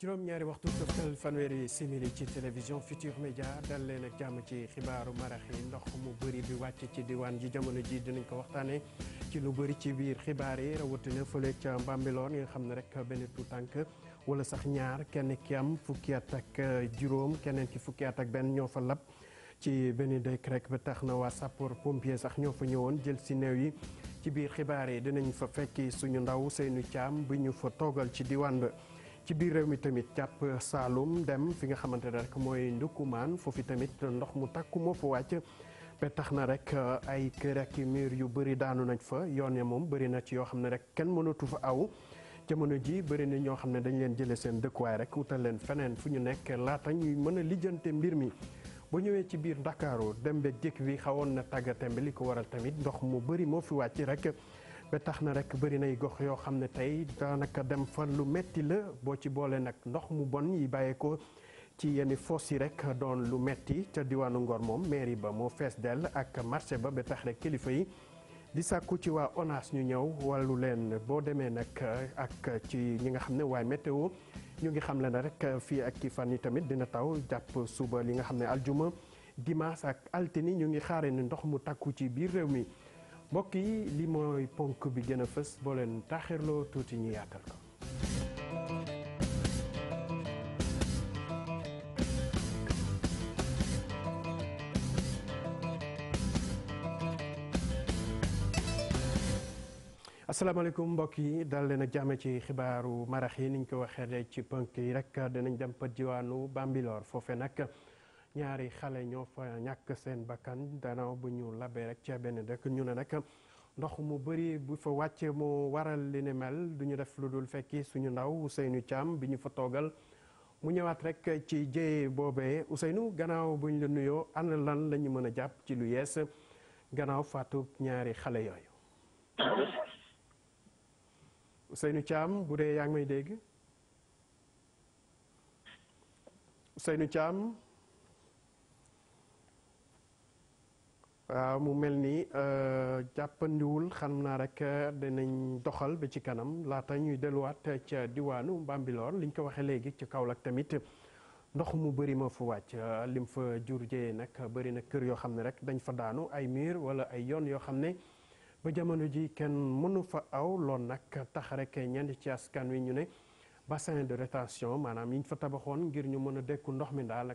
juróom-ñaari waxtu toftal fanweeri simili ci télévision Futur Média dalee leen ak jàmm ci xibaaru marax yi ndox mu bëri bi wàcc ci diwaan ji jamono ji dinañ ko waxtaanee ci lu bëri ci biir xibaar yi rawatina fële ca Mbambilor nga xam ne rek benn tout tànk wala sax ñaar kenn ki am fukki at ak juróom keneen ki fukki at ak benn ñoo fa lab ci benn dëkk rek ba tax na waa sapor pompier sax ñoo fa ñëwoon jël si néew yi ci biir xibaar yi dinañ fa fekki suñu ndaw Seynou Thiam bi ñu fa toogal ci diwaan ba. ci biir réew mi tamit jàpp Saalum dem fi nga xamante ne rek mooy Ndoukoumane foofu tamit ndox mu takku moo fa wàcc ba tax na rek uh, ay kër ak mur yu bari daanu nañ fa yoon yi moom bëri na ci yoo xam ne rek kenn mënatu fa aw jamono ji bëri na ñoo xam ne dañ leen jëlee seen dëkkuwaay rek wutal leen feneen fu ñu nekk laata ñuy mën a lijjante mbir mi. bu ñëwee ci biir Ndakaaru dem ba dikk bi xawoon na tàggatembe li ko waral tamit ndox mu bëri moo fi wàcc rek. ba tax na rek bëri nay gox yoo xam ne tey daanaka dem fa lu metti la boo ci boolee nag ndox mu bon yi bàyyeekoo ci yenn foos yi rek doon lu metti ca diwaanu Ngor moom mairie ba moo fees dell ak marché ba ba tax rek kilifa yi di sàkku ci waa ONAS ñu ñëw wàllu leen boo demee nag ak ci ñi nga xam ne waaye météo ñu ngi xam le ne rek fii ak ci fan yi tamit dina taw jàpp suba li nga xam ne aljuma dimanche ak altine ñu ngi xaare ni ndox mu takku ci biir réew mi mbokk yi li mooy ponk bi gën a fës boo leen tuuti ñu yaatal ko. asalaamaaleykum mbokk yi dal leen ak jàmm ci xibaaru marax yi niñ ko waxee ci ponk yi rek danañ dem ba diwaanu Bambilor foofe nag. ñaari xale ñoo fa ñàkk seen bakkan danaaw bu ñu labee rek ca benn dëkk ñu ne nag ndox mu bari bu fa wàcce mu waral li ni mel duñu def lu dul fekki suñu ndaw Ousseynou caam bi ñu fa toogal mu ñëwaat rekk ci jëye boobee Ousseynou gannaaw bu la nuyoo ana lan la mën a jàpp ci lu yees gannaaw faatu ñaari xale yooyu. Ousseynou bu dee yaa ngi may dégg. Ousseynou Thiam. waaw mu mel ni euh, jàppandiwul xam naa rek euh, dinañ doxal ba ci kanam laata ñuy delluwaat ca diwaanu Bambilor liñ ko waxee léegi ci Kaolack tamit ndox mu bëri ma fu wàcc euh, lim fa jur jëyee nag bëri na kër yoo xam ne rek dañ fa daanu ay miir wala ay yoon yoo xam ne ba jamono ji kenn mënu fa aw lool nag tax rek ñenn ci askan wi ñu ne bassin de rétention maanaam yiñ fa tabaxoon ngir ñu mën a dekku ndox mi daal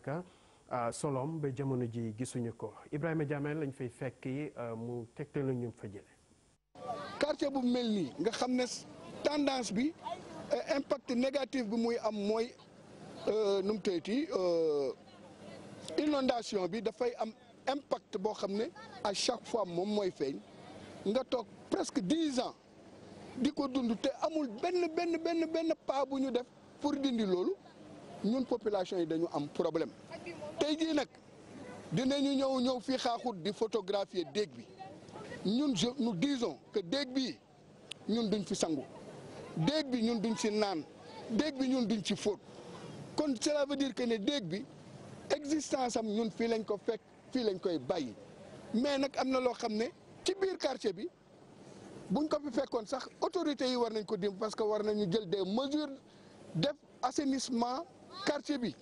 solom ba jamono ji gisuñu ko Ibrahima Diamé lañ fay fekk euh, mu tegtal la ñu fa jëlee. quartier bu mel nii nga xam ne tendance bi euh, impact négatif bi muy am mooy euh, nu mu tëyti inondation bi dafay am impact boo xam ne a chaque fois moom mooy feeñ nga toog presque dix ans di ko dund te amul benn benn benn benn pas bu ñu def pour dindi loolu ñun population yi dañu am problème tey jii nag ñu ñëw ñëw fii xaaxut di photographier déeg bi ñun je nous disons que déeg bi ñun duñ fi sangu déeg bi ñun duñ si naan déeg bi ñun duñ si fóot kon cela veut dire que ne déeg bi existence am ñun fii lañ ko fekk fii lañ koy bàyyi mais nag am na loo xam ne ci biir quartier bi buñ ko fi fekkoon sax autorités yi war nañ ko dim parce que war nañu jël de mesures def assainissement quartier bi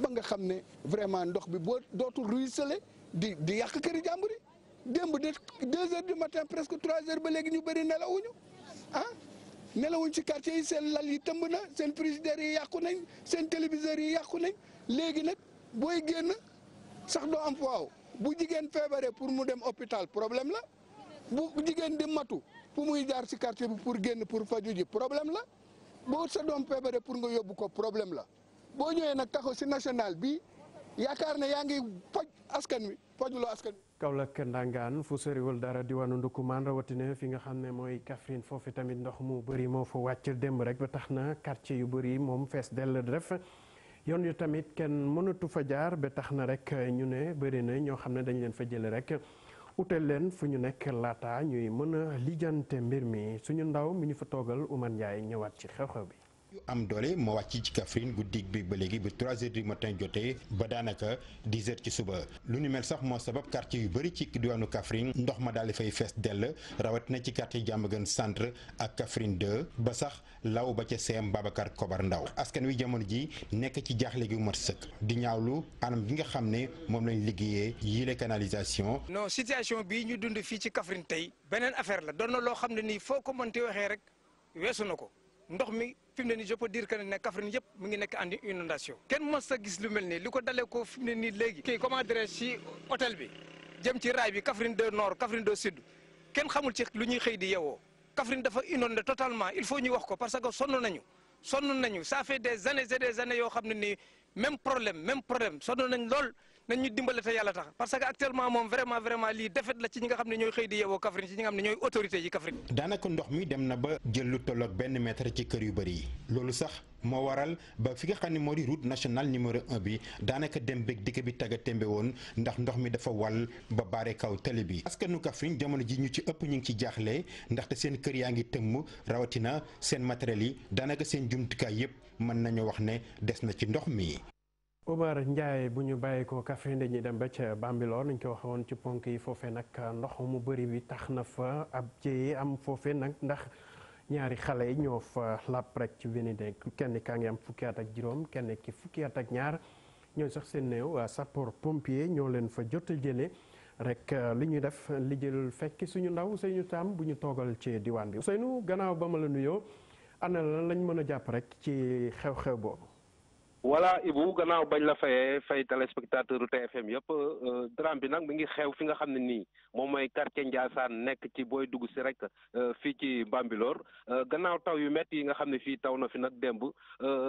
ba nga xam ne vraiment ndox bi boo dootul ruisselé di di yàq këri jàmbur yi démb de deux heures du matin presque trois heures ba léegi ñu bëri nelawuñu ah nelawuñ ci quartier yi seen lal yi tëmb na seen frigidaire yi yàqu nañ seen téléviseurs yi yàqu nañ léegi nag booy génn sax doo am faaw bu jigéen feebaree pour mu dem hôpital problème la bu jigéen di matu fu muy jaar si quartier bi pour génn pour faju ji problème la boo sa doom feebaree pour nga yóbbu ko problème la boo ñëwee nag taxaw si national bi yaakaar ne yaa ngi poj askan wi pojuloo askan wi. Kaolack Ndangaan fu soriwul dara diwaanu Ndoukoumane rawatina fi nga xam ne mooy Kaffrine foofu tamit ndox mu bëri moo fa wàcc démb rek ba tax na quartier yu bëri moom fees dell def yoon yu tamit kenn mënatu fa jaar ba tax na rek ñu ne bëri na ñoo xam ne dañ leen fa jëlee rek utal leen fu ñu nekk laata ñuy mën a lijjante mbir mi suñu ndaw mi ñu fa toogal Oumar Ndiaye ñëwaat ci xew bi. yu am doole moo wàcc ci Kaffrine guddig bi ba léegi bu 3 heures du matin jotee ba daanaka 10 heures ci suba lu ni mel sax moo sabab quartier yu bëri ci diwaanu Kaffrine ndox ma daal fay fees dell rawatina ci quartier Diamaguène centre ak Kaffrine 2 ba sax law ba ca CM Babacar Kobar Ndaw askan wi jamono ji nekk ci jaaxle gi mat sëkk di ñaawlu anam bi nga xam ne moom lañ liggéeyee yile canalisation. no situation bii ñu dund fii ci Kaffrine tey beneen affaire la doon na loo xam ne nii foo ko mënti waxee fi mu ne nii je peux dire que ne Kaffrine yëpp mu ngi nekk andi inondation kenn mos a gis lu mel ni li ko dalee ko fi mu ne nii léegi. kii comment dirais ci hôtel bi jëm ci raay bi Kaffrine de nord Kaffrine de sud kenn xamul ci lu ñuy xëy di yeewoo Kaffrine dafa inondé totalement il faut ñuy wax ko parce que sonn nañu sonn nañu ça fait des années et des années yoo xam ne nii même problème même problème sonn nañ lool. nañ ñu dimbale te yàlla tax parce que actuellement moom vraiment vraiment lii defet la ci ñi nga xam ne ñooy xëy di yeewoo Kaffrine ci ñi nga xam ne ñooy autorité yi Kaffrine daanaka ndox mi dem na ba jël lu tolloog benn mètre ci kër yu bëri yi loolu sax moo waral ba fi nga xam ne moo di route nationale numéro 1 bi daanaka dem beek dikk bi tagga témbe woon ndax ndox mi dafa wal ba baare kaw tali bi askanu Kaffrine jamono ji ñu ci ëpp ñu ngi ci jaaxle ndaxte seen kër yaa ngi tëmm rawatina seen matériel yi daanaka seen jumtukaay yëpp mën nañu wax ne des na ci ndox mi Omar Ndiaye bu ñu bàyyi ko Kaffrine ñi dem ba ca Bambilor ñu ko waxoon ci ponk yi foofee nag ndox mu bëri bi tax na fa ab jéye am foofee nag ndax ñaari xale yi ñoo fa làpp rek ci vénide kenn kaa ngi am fukki ak juróom kenn ki fukki ak ñaar ñooy sax seen néew sapeur pompier ñoo leen fa jot jële jëlee rek li ñu def li jëlul fekk suñu ndaw Ousseynou tam bu ñu toogal ci diwaan bi seenu gannaaw ba ma la nuyoo ana lan lañ mën a jàpp rek ci xew-xew boobu. voilà Ibou gannaaw bañ la fayee fay téléspectateur TFM yëpp euh, drame bi nag mi ngi xew fi nga xam ne nii moom mooy quartier Ndiassane nekk ci booy dugg si rek euh, fii ci Bambilor euh, gannaaw taw yu métti yi nga xam ne fii taw na fi nag démb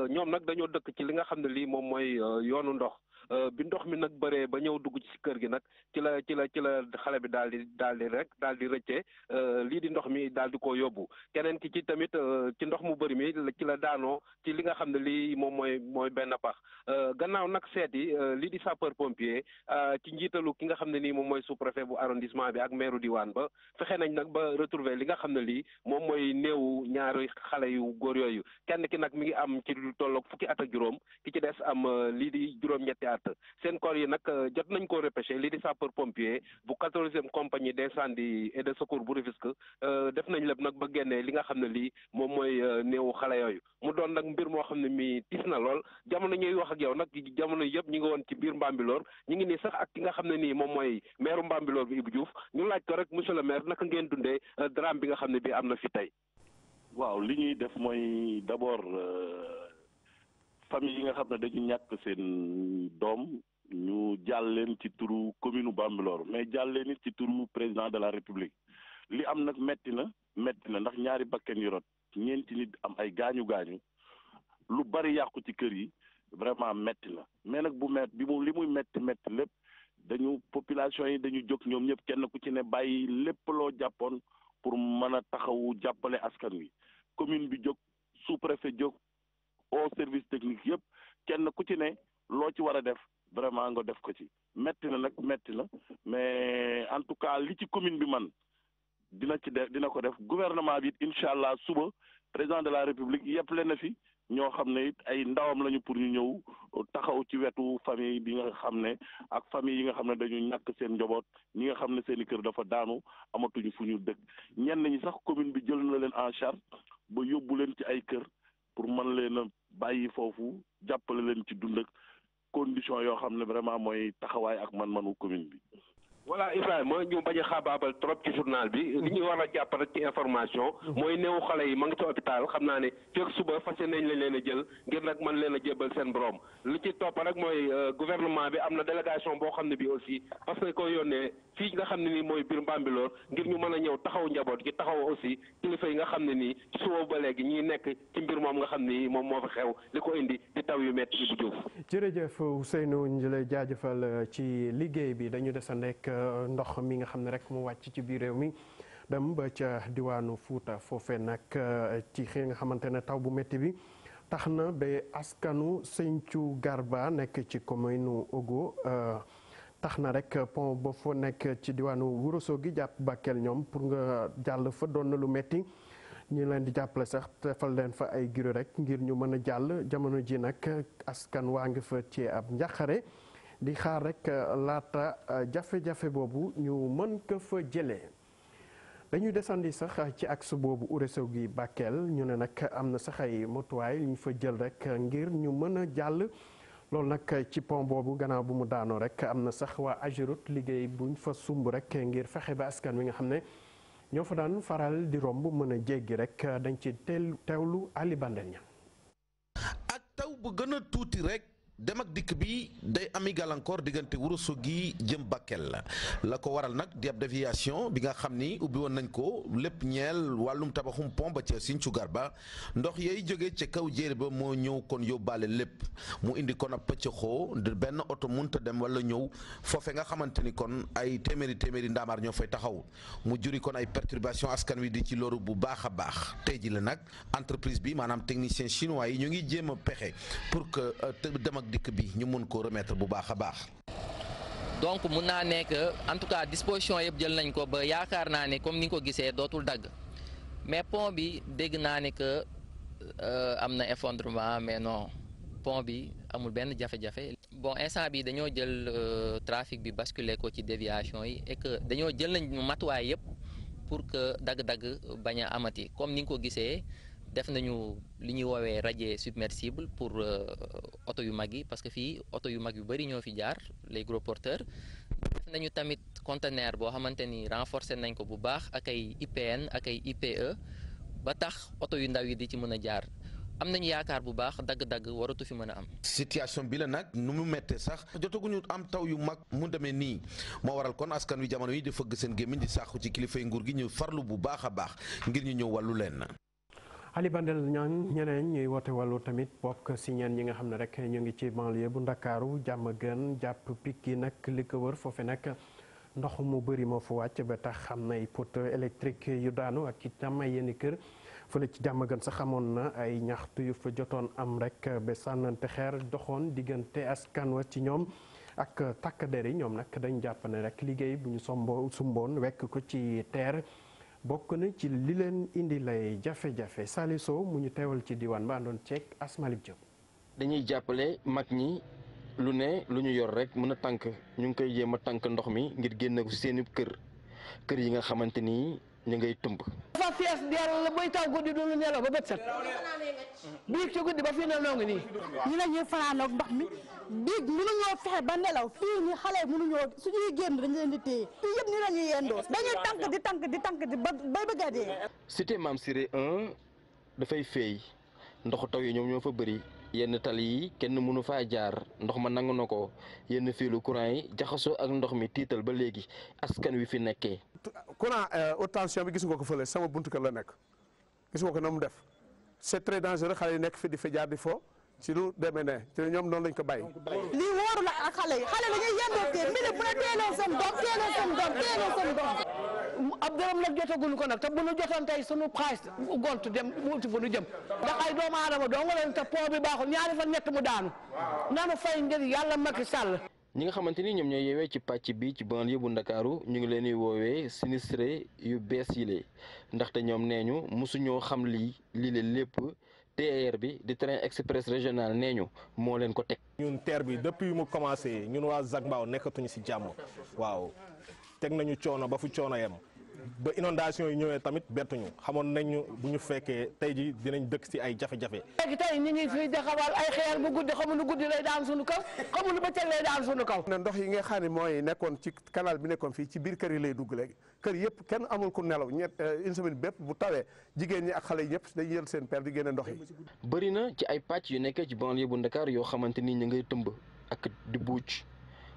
ñoom nag dañoo dëkk ci li nga xam ne lii moom mooy yoonu ndox Euh, bi ndox mi nag bëree ba ñëw dugg ci kër gi nag ci la ci la ci la xale bi daal di daal di rek daal di rëccee euh, lii di ndox mi daal di ko yóbbu keneen ki ci tamit euh, ci ndox mu bëri mi ci la daanoo ci li nga xam ne lii moom mooy mooy benn pax gannaaw nag seet yi lii di sapeur pompier ci njiitalu ki nga xam ne nii moom mooy sous-préfet bu arrondissement bi ak maire diwaan ba fexe nañ nag ba retrouver li nga xam ne lii moom mooy néewu ñaari xale yu góor yooyu kenn ki nag mi ngi am ci lu fukki at ak juróom ki ci des am lii di juróom-ñetti théâtre seen corps yi nag euh, jot nañ koo repêché lii di sapeur pompier bu quatorzième compagnie d'incendie et de secours bu Rufisque euh, def nañ lépp nag ba génnee li nga xam ne lii moom mooy euh, néewu xale yooyu mu doon nag mbir moo xam ne mi tiis na lool jamono ñuy wax ak yow nag jamono yëpp ñu ngi woon ci biir Mbambilor ñu ngi nii sax ak ki nga xam ne nii moom mooy maire Mbambilor bi Ibou Diouf ñu laaj ko rek monsieur le maire naka ngeen dundee drame bi nga xam ne bii am na fi tey famille yi nga xam ne dañu ñàkk seen doom ñu jàll leen ci turu commune Bambilor mais jàll leen it ci turu président de la république li am nag metti na metti na ndax ñaari bakken yi rot ñeenti nit am ay gaañu gaañu lu bari yàqu ci kër yi vraiment metti na mais nag bu mett bi mu li muy metti metti lépp dañu population yi dañu jóg ñoom ñëpp kenn ku ci ne bàyyi lépp loo jàppoon pour mën a taxawu jàppale askan wi commune bi jóg sous-préfet jóg au service technique yëpp kenn ku ci ne loo ci war a def vraiment nga def ko ci metti na nag metti na mais en tout cas li ci commune bi man dina ci def dina ko def gouvernement bi it incha allah suba président de la république yëpp leen na fi ñoo xam ne it ay ndawam lañu pour ñu ñëw taxaw ci wetu famille bi nga xam ne ak famille yi nga xam ne dañu nakk seen njoboot ñi nga xam ne seen i kër dafa daanu amatuñu fu ñu dëkk ñenn nañu sax commune bi jël na leen en charge ba yóbbu leen ci ay kër pour mën leen a bàyyi foofu jàppale leen ci dund ak yoo xam ne vraiment mooy taxawaay ak man-manu commune bi voilà mooy ñu bañ a xaabaabal trop ci journal bi. Mm-hmm. li ñu war a jàpp rek ci information. Mm-hmm. mooy néew xale yi ma ngi ci hôpital xam naa ne fekk suba fas nañ lañ leen a jël ngir nag mën leen a jébbal seen borom li ci topp rek mooy euh, gouvernement bi am na délégation boo xam ne bii aussi parce que ko yónnee fii nga xam ne nii mooy biir Mbambilor ngir ñu mën a ñëw taxaw njaboot gi taxaw aussi kilifa yi nga xam ne nii suba ba léegi ñuy nekk ci mbir moom nga xam ni moom moo fi xew li ko indi di taw yu métti yi bu jóg. jërëjëf Ousseynou ñu lay jaajëfal euh, ci liggéey bi dañu des a nekk ndox mi nga xam ne rek mu wàcc ci biir réew mi dem ba ca diwaanu Fuuta foofe nag euh, ci xëy nga xamante ne taw bu métti bi tax na ba askanu Sëñcu Garba nekk ci commune nu Ogo euh, tax na rek pont ba fa nekk ci diwaanu Wuroso gi jàpp Bakel ñoom pour nga jàll fa doon na lu métti ñu leen di jàppale sax fa leen fa ay giro rek ngir ñu mën a jàll jamono ji nag askan waa ngi fa ci ab njaqare di xaar rek euh, laata euh, jafe-jafe boobu ñu mën ko fa jëlee dañuy desandi sax ci axe boobu Ourossogui gi Bakel ñu ne nag am na sax ay motuwaay ñu fa jël rek ngir ñu mën a jàll loolu nag ci pont boobu gannaaw bu mu daanoo rek am na sax waa Ageroute liggéey buñ fa sumb rek ngir fexe ba askan wi nga xam ne ñoo fa daan faral di romb mën a jéggi rek dañ ci teel teewlu Ali Bandel ña dem ak dikk bi day ami gàllankoor diggante wurusu gi jëm Bakel la la ko waral nag di ab déviation bi nga xam ni ubbi woon nañ ko lépp ñeel wàllum tabaxum pont ba ca Sinthiou ba ndox yooyu jóge ca kaw jéeri ba moo ñëw kon yóbbaale lépp mu indi kon a pëccëxoo benn oto munta dem wala ñëw foofe nga xamante ni kon ay téeméeri téeméeri ndaamaar ñoo fay taxaw mu juri kon ay perturbation askan wi di ci loru bu baax a baax tey ji la nag entreprise bi maanaam technicien chinois yi ñu ngi jéem a pexe pour que euh, dikk bi ñu mun ko remettre bu baax a baax. donc mun naa nekk en tout cas disposition yëpp jël nañ ko ba yaakaar naa ne comme ni nga ko gisee dootul dagg mais pont bi dégg naa ne que euh, am na effondrement mais non pont bi amul benn jafe-jafe. bon instant bi dañoo jël euh, trafic bi basculer ko ci déviation yi et que dañoo jël nañ matuwaay yëpp pour que dagg-dagg bañ a amati comme ni nga ko gisee. def nañu li ñuy woowee radier submersible pour euh, oto yu mag yi parce que fii oto yu mag yu bëri ñoo fi jaar les gros porteurs def nañu tamit conteneur boo xamante ni renforcer nañ ko bu baax ak ay IPN ak ay IPE ba tax oto yu ndaw yi di ci mën a jaar am nañu yaakaar bu baax dagg-dagg waratu fi mën a am. situation bi la nag nu mu méttee sax jotaguñu am taw yu mag mu demee nii moo waral kon askan wi jamono yi di fëgg seen gémmiñ di sàqu ci kilifa yi nguur gi ñu farlu bu baax a baax ngir ñu ñëw wàllu leen. Ali Bandel ñaan ñeneen ñuy woote wàllu tamit bokk si ñeen ñi nga xam ne rek ñu ngi ci banlieue bu Ndakaaru jàmm gën jàpp Pikine nag li ko wër foofe nag ndox mu bëri moo fu wàcc ba tax xam na ay poteau électrique yu daanu ak itam ay yenn kër fële ci jàmm gën sax amoon na ay ñaxtu yu fa jotoon am rek ba sànnante xeer doxoon diggante askan wa ci ñoom ak takk der yi ñoom nag dañ jàpp ne rek liggéey bu ñu sombo sumboon wekk ko ci terre. bokk na ci li leen indi lay jafe-jafe Saliou Sow mu ñu teewal ci diwaan ba àndoon ceeg Asmalib Diop. dañuy jàppale mag ñi lu ne lu ñu yor rek mën a tànk ñu ngi koy jéem a tànk ndox mi ngir génne ko si seen kër kër yi nga xamante ni ñu ngay tëmb. dafa fees dell bay taw guddi du lu nelaw ba bët set. biig ci guddi ba fii na noo nii. ñu la fanaanoog ndox mi. biig mënuñoo fexe ba nelaw fii ni xale yi mënuñoo suñuy génn dañ leen di téye fii yëpp ni la yendoo dañuy tànk di tànk di tànk di ba ba bëgg a dee cité Mame Siré 1 dafay feey ndox taw yi ñoom ñoo fa bëri yenn tali yi kenn mënu faa jaar ndox ma nangu na ko yenn fiilu courant yi jaxasoo ak ndox mi tiital ba léegi askan wi fi nekkee courant euh, haute tension bi gis nga ko fële sama buntu kër la nekk gis nga ko na mu def c'est très dangereux xale yi nekk fi di fa jaar di fo ci lu demee ne ci ñoom noonu lañ ko bàyyi. lii wóoru la ak xale yi xale la ñuy yendoo teel mbir bu la teeloo seen doom teeloo seen doom teeloo seen doom. ab dërëm nag jotaguñu ko nag te bu nu jotoon tey sunu xaalis gont dem wuti fu nu jëm. ndax ay doomu aadama dong leen te po bi baaxul ñaari fan ñett mu daanu. nanu fay ngir yàlla Macky Sall. ñi nga xamante ni ñoom ñooy yeewee ci pàcc bi ci banlieue bu Ndakaaru ñu ngi leen di woowee sinistré yu bees yi la ndaxte ñoom nee ñu mosuñoo xam lii lii la lépp TER bi di train express régionale nee ñu moo leen ko teg. ñun TER bi depuis mu commencé ñun waa Zac Mbao nekkatuñu ci jàmm waaw teg nañu coono ba fu coono yem. ba inondation yi ñëwee tamit bettuñu xamoon nañu bu ñu fekkee tey ji dinañ dëkk ci ay jafe-jafe léegi ñu ngi fi taxawal ay xeer bu guddi xamuñu guddi lay daan suñu kaw xamuñu bëccëg lay daan suñu kaw na ndox yi nga xam ne mooy nekkoon ci canal bi nekkoon fii ci biir kër yi lay dugg léegi kër yëpp kenn amul ku nelaw ñett euh, une semaine bépp bu tawee jigéen ñi ak xale yi ñëpp dañuy jël seen per di génne ndox yi bëri na ci ay pàcc yu nekk ci banlieue bu Ndakaar yoo xamante ni ñu ngay tëmb ak di buuc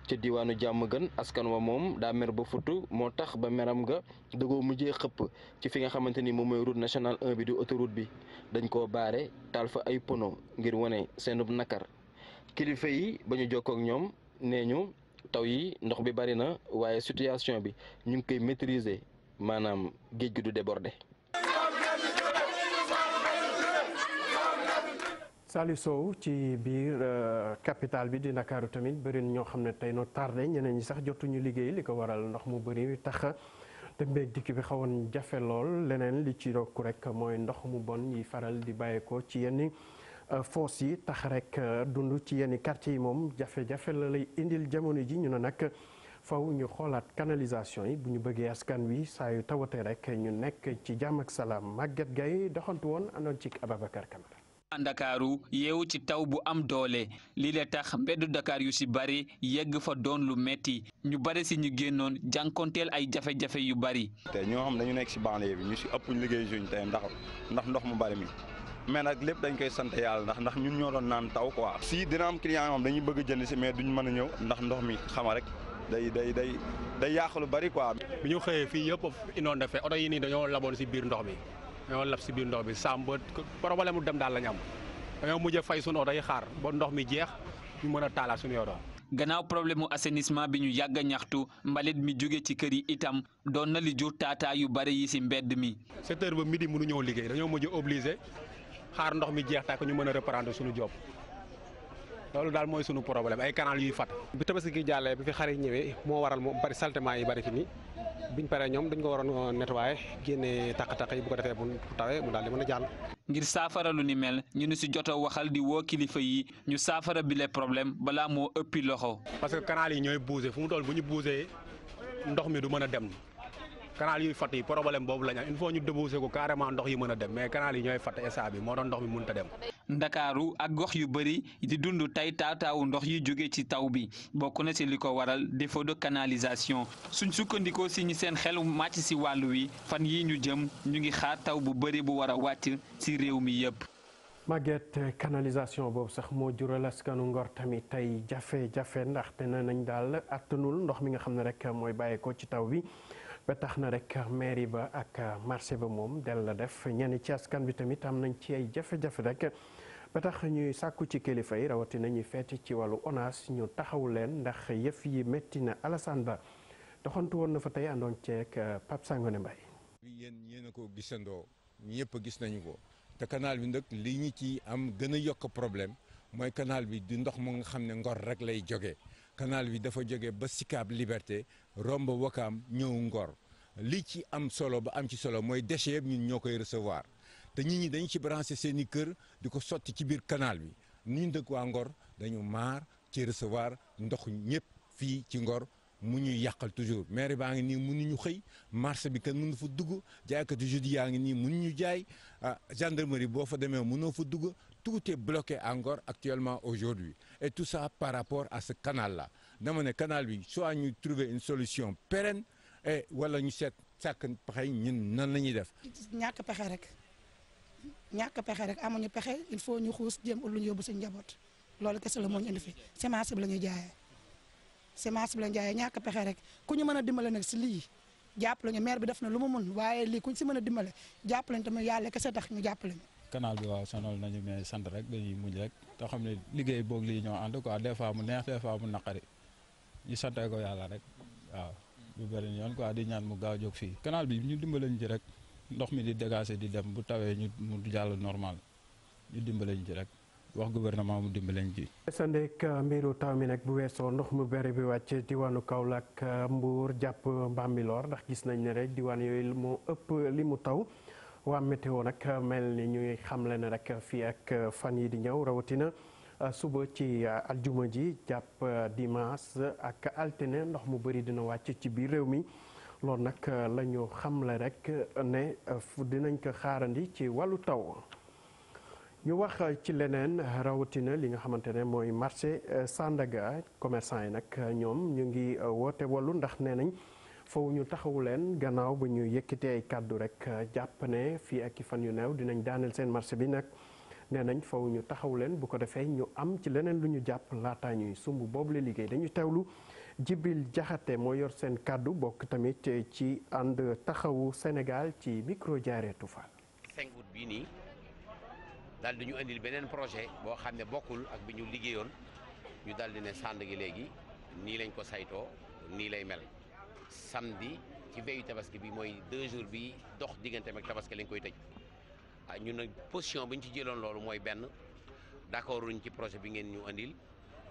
ci diwaanu jàmm gën askan wa moom daa mer ba futu moo tax ba meram nga dugoo mujjee xëpp ci fi nga xamante ni moom mooy route nationale 1 bi di autoroute bi dañ koo baare taal fa ay pono ngir wane seenub nakar kilifa yi ba ñu jokkoo ak ñoom nee ñu taw yi ndox bi bari na waaye situation bi ñu ngi koy maîtriser maanaam géej gi du déborder. Saliou Sow ci biir euh, capital bi di Ndakaaru tamit bëri na ñoo xam ne tey noo tardé ñeneen ñi sax jotuñu liggéey li ko waral ndox mu bëri tax dem dikk bi xawoon jafe lool leneen li ci dokku rek mooy ndox mu bon yi faral di bàyyeekoo ci yenn euh, foos yi tax rek euh, dund ci yenn quartier yi moom jafe-jafe la lay indil jamono ji ñu ne nag faw ñu xoolaat canalisation yi bu ñu bëggee askan wi saa yu tawatee rek ñu nekk ci jàmm salaam màgget gay doxantu woon andoon ci Ababacar waa Ndakaaru ci taw bu am doole lii la tax mbeddu Dakar yu ci bari yegg fa doon lu metti ñu bari ci ñu génnoon jànkonteel ay jafe-jafe yu bari. te ñoo xam dañu nekk ci banlieue bi ñu ci ëpp liggéey juñ tey ndax ndax ndox mu bari mi mais nag lépp dañ koy sant yàlla ndax ndax ñun ñoo doon naan taw ko si dina am client moom dañuy bëgg jënd ci mais duñ mën a ñëw ndax ndox mi xama rek day day day day yàq lu bari quoi. bi ñu xëyee fii yëpp inondé fe oto yi nii dañoo laboon ci biir ndox mi. dañoo lab biir ndox bi sàmba problème mu dem daal la ñu am dañoo mujj fay sunu oto yi xaar ba ndox mi jeex ñu mën a taalaat suñu oto gannaaw problème mu assainissement bi ñu yàgg ñaxtu mbalit mi jóge ci kër yi itam doon na li jur taataa yu bare yi si mbedd mi. sept heures ba midi mënu ñëw liggéey dañoo mujj obligé xaar ndox mi jeex tàkk ñu mën a reprendre suñu job loolu daal mooy sunu problème ay canal yuy fat bi tabaski gi jàllee bi fi xar yi ñëwee moo waral mu bari saltement yi bari fi nii biñ paree ñoom dañ ko waroon euh, nettoyer génnee taq-taq yi bu ko defee bu tawee mu daal di mën a ngir saafara lu ni mel ñu ni si jot a waxal di woo kilifa yi ñu saafara bi balaa moo ëppi loxo. parce que canal yi ñooy bousee fu mu toll bu ñu bousee ndox mi du mën a dem canal yuy fat yi problème boobu la ñu am il ñu déboucher ko carrément ndox yi mën a dem mais canal yi ñooy fat état bi moo doon ndox mi mënut a dem. ndakaaru ak gox yu bëri di dund tey taataawu ndox yi jóge ci taw bi bokk na ci li ko waral défaut de canalisation suñ sukkandikoo si ñi seen xel màcc si wàll wi fan yi ñu jëm ñu ngi xaar taw bu bëri bu war a wàcc si réew mi yépp Maguette canalisation boobu sax moo jural askanu Ngor tamit tey jafe-jafe ndaxte nee nañ daal attanul ndox mi nga xam ne rek mooy bàyyeekoo ci taw bi ba tax na rek mairie ba ak marché ba moom del la def ñenn ci askan bi tamit am nañ ci ay rek. ba tax ñuy sàkku ci kilifa yi rawatina ñuy feeti ci wàllu ONAS ñu taxaw leen ndax yëf yi métti na Alassane Ba doxantu woon na fa tey àndoon ceek euh, Pape Sangone Mbaye. yéen yéen a ko gisandoo ñëpp gis nañu ko te canal bi nag li ñu ci am gën a yokk problème mooy canal bi di ndox mu nga xam ne Ngor rek lay joge canal bi dafa jóge ba Sicap Liberté romb Wakaam ñëw Ngor li ci am solo ba am ci solo mooy déchet yëpp ñun ñoo koy recevoir. te nit ñi dañu ci branché seen i kër di ko sotti ci biir canal bi ñun dëkk waa Ngor dañu maar ci recevoir ndox ñëpp fii ci Ngor mu ñuy yàqal toujours maire baa ngi nii ñu xëy marché bi kenn mënu fu dugg jaaykatu jeudi yaa ngi nii ñu jaay ah, gendarmerie boo fa demee mënoo fu dugg tout te bloqué à Ngor actuellement aujourd'hui et tout ça par rapport à ce canal la dama ne kanaal bi soit ñu trouver une solution pérenne e wala ñu seet sàkk pexe ñun nan la ñuy def. ñàkk pexe rek. ñàkk pexe rek amuñu pexe il faut ñu xuus jëm ut lu ñu yóbbu suñu njaboot loolu kese la moo ñu indi fi semence bi la ñuy jaayee semence bi la ñuy ñàkk pexe rek ku ñu mën a dimbale nag si lii jàpp jàppale ñu maire bi def na lu mu mun waaye lii ku si mën a dimbale jàppale ñu yàlla kese tax ñu jàppale ñu. bi waaw sonal nañu mais sant rek dañuy mujj rek te xam ne liggéey boog lii ñoo ànd quoi des fois mu neex des fois mu naqari ñu sante ko yàlla rek waaw. bu bëri yoon quoi di ñaan mu gaaw jóg fii canal bi ñu dimbale ñu ci rek ndox mi di dégager di dem bu tawee ñu mu jàll normal ñu dimbale ji ci rek wax gouvernement mu dimbale ji ci. sandeek mbiru taw mi nag bu weesoo ndox mu bëri bi wàcc diwaanu Kaolack Mbour jàpp Bambilor ndax gis nañ ne rek diwaan yooyu moo ëpp li mu taw. waa météo nag mel ni ñuy xamle ne rek fii ak fan yi di ñëw rawatina suba ci aljuma ji jàpp dimanche ak altine ndox mu bëri dina wàcc ci biir réew mi. loolu nag euh, la ñu xamle rek euh, ne euh, dinañ ko xaarandi ci wàllu taw. ñu wax ci leneen rawatina li nga xamante ne mooy marché Sandaga commerçant yi nag ñoom ñu ngi woote wallu ndax nee nañ foofu ñu taxawu leen gannaaw ba ñu yëkkatee kàddu rek jàpp ne fii ak fan yu neew dinañ daaneel seen marché bi nag nee nañ fow ñu taxawu leen bu ko defee ñu am ci leneen lu ñu jàpp laataa ñuy sumb boobu la liggéey dañu teewlu Djibril Diakhaté moo yor seen kàddu bokk tamit ci ànd taxawu Sénégal ci micro jaareetu fa. 5 août bii nii daal di ñu indil beneen projet boo xam ne bokkul ak bi ñu liggéeyoon ñu daal di ne sànd gi léegi nii lañ ko saytoo nii lay mel samedi ci veyu tabaski bi mooy deux jours bi dox diggante ak tabaski lañ koy tëj ah ñun nag position bi ñu ci jëloon loolu mooy benn d'accorduñ ci projet bi ngeen ñu indil.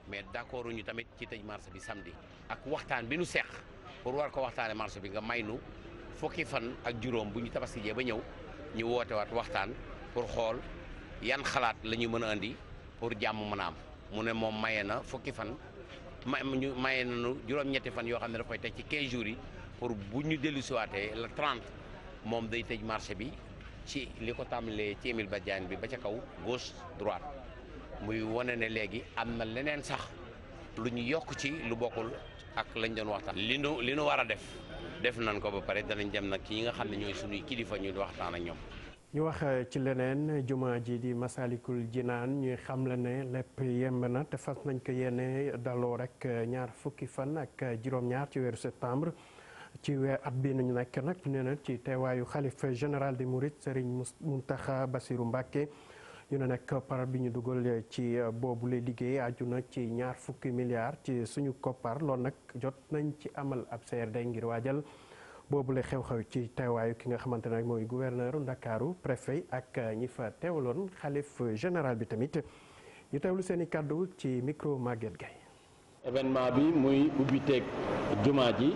mais d'accord ñu tamit ci tëj marché bi samedi ak waxtaan bi nu seex pour war ko waxtaane marché bi nga may nu fukki fan ak juróom bu ñu tabaski ba ñëw ñu woote waat waxtaan pour xool yan xalaat la ñu mën a indi pour jàmm mën a am mu ne moom maye na fukki fan ma ñu maye nañu juróom-ñetti fan yoo xam ne daf koy teg ci 15 jours yi pour bu ñu dellu siwaatee le 30 moom day tëj marché bi ci li ko tàmbalee ci Émile Badiane bi ba ca kaw gauche droite muy wane ne léegi am na leneen sax lu ñu yokk ci lu bokkul ak lañ doon waxtaan. li nu li nu war a def def nañ ko ba pare danañ dem nag ci ñi nga xam ne ñooy suñuy kilifa ñu waxtaan ak ñoom. ñu wax euh, ci leneen juma ji di Masalikul Jinaan ñuy xam la ne lépp yemb na te fas nañ ko yéene daloo rek euh, ñaar fukki fan ak euh, juróom-ñaar ci weeru septembre. ci weer ab bii nañu nekk nag nee na ci teewaayu xalif général des Mourides Serigne Mountakha Bassirou Mbacké. ñu ne nag paral bi ñu dugal ci euh, boobu la liggéey aju na ci ñaar fukki milliards ci suñu koppar loolu nag jot nañ ci amal ab CRD ngir waajal boobu la xew-xew ci teewaayu ki nga xamante ne mooy gouverneur Ndakaaru préfet ak euh, ñi fa teewaloon xalif général bi tamit ñu teewlu seen i kàddu ci micro Maguette Gaye événement bi muy ubbi teeg jumaa ji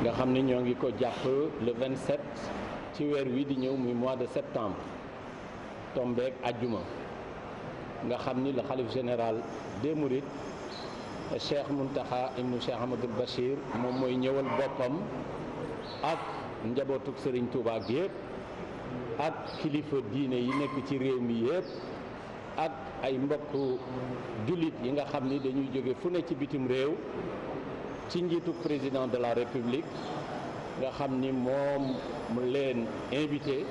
nga xam ne ñoo ngi ko jàpp le 27 ci weer wi di ñëw muy mois de septembre tombeek ajjuma nga xam ni la xalif général de mourides cheikh Mountakha ibnu cheikh Amadou Bachir moom mooy ñëwal boppam ak njabootuk sëriñ Touba gi ak kilifa diine yi nekk ci réew mi yëpp ak ay mbokk jullit yi nga xam ni dañuy jóge fu ne ci bitim réew ci njiitu président de la république nga xam ni moom leen invité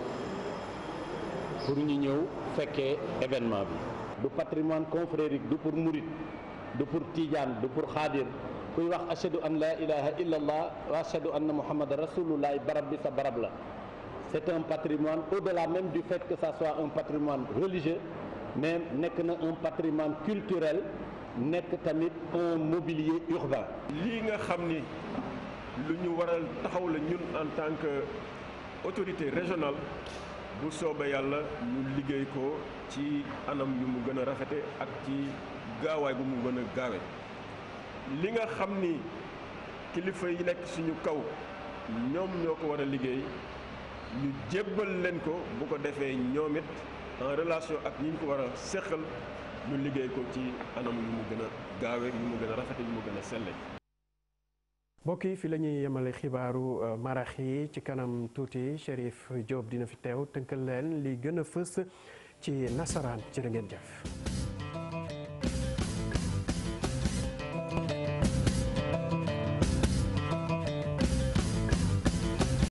pour ñu ñëw fekkee événement bi du patrimoine confrérique du pour murit du pour tijaan du pour xaadir kuy wax ashadu an la ilaha illa allah wa ashadu anna muhammadan rasulullah barab bi sa barab la c'est un patrimoine de delà même du fait que ça soit un patrimoine religieux mais nekk na un patrimoine culturel nekk tamit un mobilier urbain lii nga xam ni lu ñu waral taxaw la ñun en tant que autorité régionale bu soobee yàlla ñu liggéey ko ci anam yu mu gën a rafete ak ci gaawaay bu mu gën a gaawe li nga xam ni kilifa yi nekk suñu kaw ñoom ñoo ko war a liggéey ñu jébbal leen ko bu ko defee ñoom it en relation ak ñi ñu ko war a séqal ñu liggéey ko ci anam yu mu gën a gaawe yu mu gën a rafete yu mu gën a selle mbokk yi fi lañuy yemale xibaaru euh, marax yi ci kanam tuuti Chérif Diop dina fi teew tënkal leen li gën a fës ci nasaraan ci la ngeen jëf.